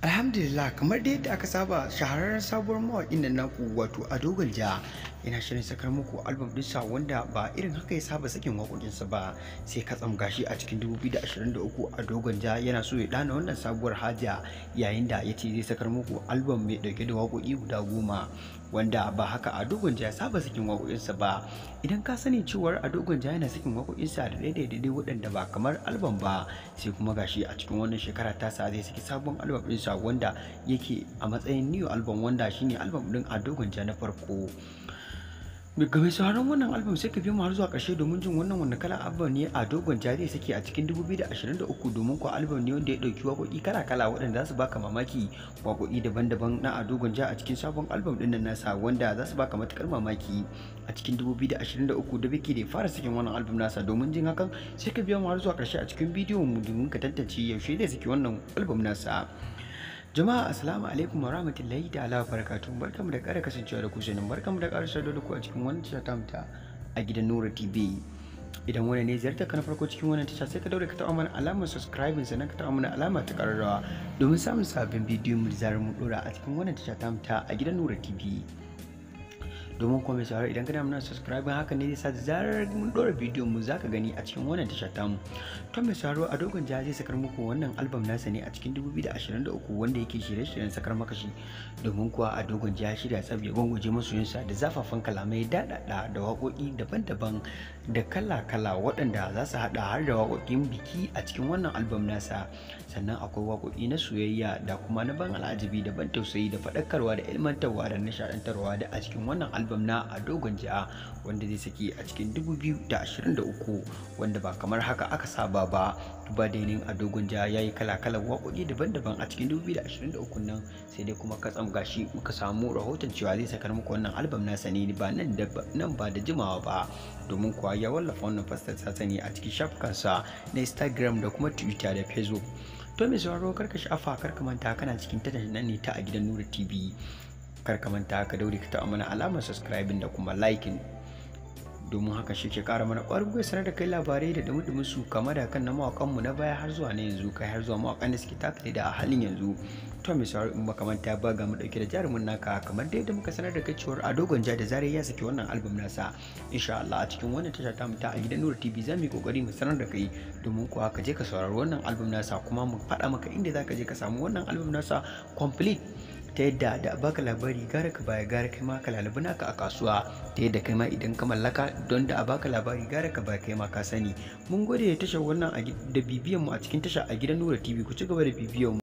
alhamdulillah kamar da yadda aka saba shahararren sabuwar mawaƙin nan naku wato a dogon ja ina shirin sakar muku album dinsa wanda ba irin haka ya saba sakin waƙoƙinsa ba sai ka gashi a cikin 2023 a dogon ja yana so ya dana wannan sabuwar haja yayin da ya ce zai sakar muku album mai dauke da waƙoƙi guda goma wanda ba haka a dogon ja ya saba sakin waƙoƙinsa ba idan ka sani cewar a dogon ja yana sakin waƙoƙinsa da daidai daidai waɗanda ba kamar album ba sai kuma gashi a cikin wannan shekara tasa zai saki sabon album sa Musa wanda yake a matsayin new album wanda shine album din Ado Gwanja na farko game sauran wannan album sai ka bi mu har zuwa ƙarshe domin jin wannan wanda kala album ne a dogon zai sake a cikin 2023 domin ko album ne wanda ya ɗauki waƙoƙi kala-kala waɗanda za su baka mamaki waƙoƙi daban-daban na a dogon ja a cikin sabon album ɗin nan nasa wanda za su baka matuƙar mamaki a cikin 2023 da biki da fara sakin wannan album nasa domin jin hakan sai ka biya mu har zuwa ƙarshe a cikin bidiyon mu domin ka tantance yaushe zai saki wannan album nasa. Jama'a assalamu alaikum warahmatullahi ta'ala barakatuh barkamu da ƙara kasancewa da ku sanin barkamu da ƙara sadar da ku a cikin wannan tasha ta a gidan Nura TV. Idan wani ne ziyarta ka na farko cikin wannan tasha sai ka daure ka taɓa mana alamar subscribing sannan ka taɓa mana alama ta ƙararrawa domin samun sabbin bidiyo mu da zarar mu ɗora a cikin wannan tasha ta a gidan Nura TV. domin kuma mai sauraro idan kana muna subscribe haka ne zai sa zarar mun dora bidiyon mu zaka gani a cikin wannan tasha mu. to mai sauraro a dogon jaji zai sakar muku wannan album nasa ne a cikin 2023 wanda yake shirye-shiryen sakar makashi domin kuwa a dogon jiha shirya tsab ya gwangwaje masoyinsa da zafafan kalamai daɗaɗa da wakoki daban-daban da kala-kala waɗanda za su haɗa har da wakokin biki a cikin wannan album nasa sannan akwai waƙoƙi na soyayya da kuma na ban al'ajabi da ban tausayi da faɗakarwa da ilmantarwa da nishaɗantarwa da a cikin wannan albam na a dogon wanda zai saki a cikin 2023 wanda ba kamar haka aka saba ba duba dainin a dogon ja ya yi kala waƙoƙi daban-daban a cikin 2023 nan sai dai kuma katsam gashi muka samu rahoton cewa zai sakar muku wannan albam na? sani ba nan ba da jimawa ba domin kuwa ya wallafa wannan ta sani a cikin shafukansa na instagram da kuma twitter da facebook to mai sauraro karka shafa karka manta kana cikin tattalin nan ne ta a gidan nura tv kar ka manta ka daure ka taɓa mana alamar subscribing da kuma liking domin haka shi ke kara mana ƙwarar gwiwa sanar da kai labarai da dumi su kama da kan na mawakanmu na baya har zuwa na yanzu kai har zuwa mawakan da suke takale da a halin yanzu to mai sauri in baka manta ba ga mu da jarumin naka kamar dai da muka sanar da kai cewar Ado Gwanja da zare ya saki wannan album nasa insha Allah a cikin wannan tasha ta mutu a gidan Nura TV mu yi kokari mu sanar da kai domin kuwa ka je ka saurari wannan album nasa kuma mu faɗa maka inda za ka je ka samu wannan album nasa complete ta yadda da baka labari gara ka baya gara kai ma ka lalubi naka a kasuwa ta yadda kai ma idan ka mallaka don da a baka labari gara ka baya kai ma ka sani mun gode da tashar wannan da bibiyan mu a cikin tasha a gidan Nura TV ku ci gaba da bibiyan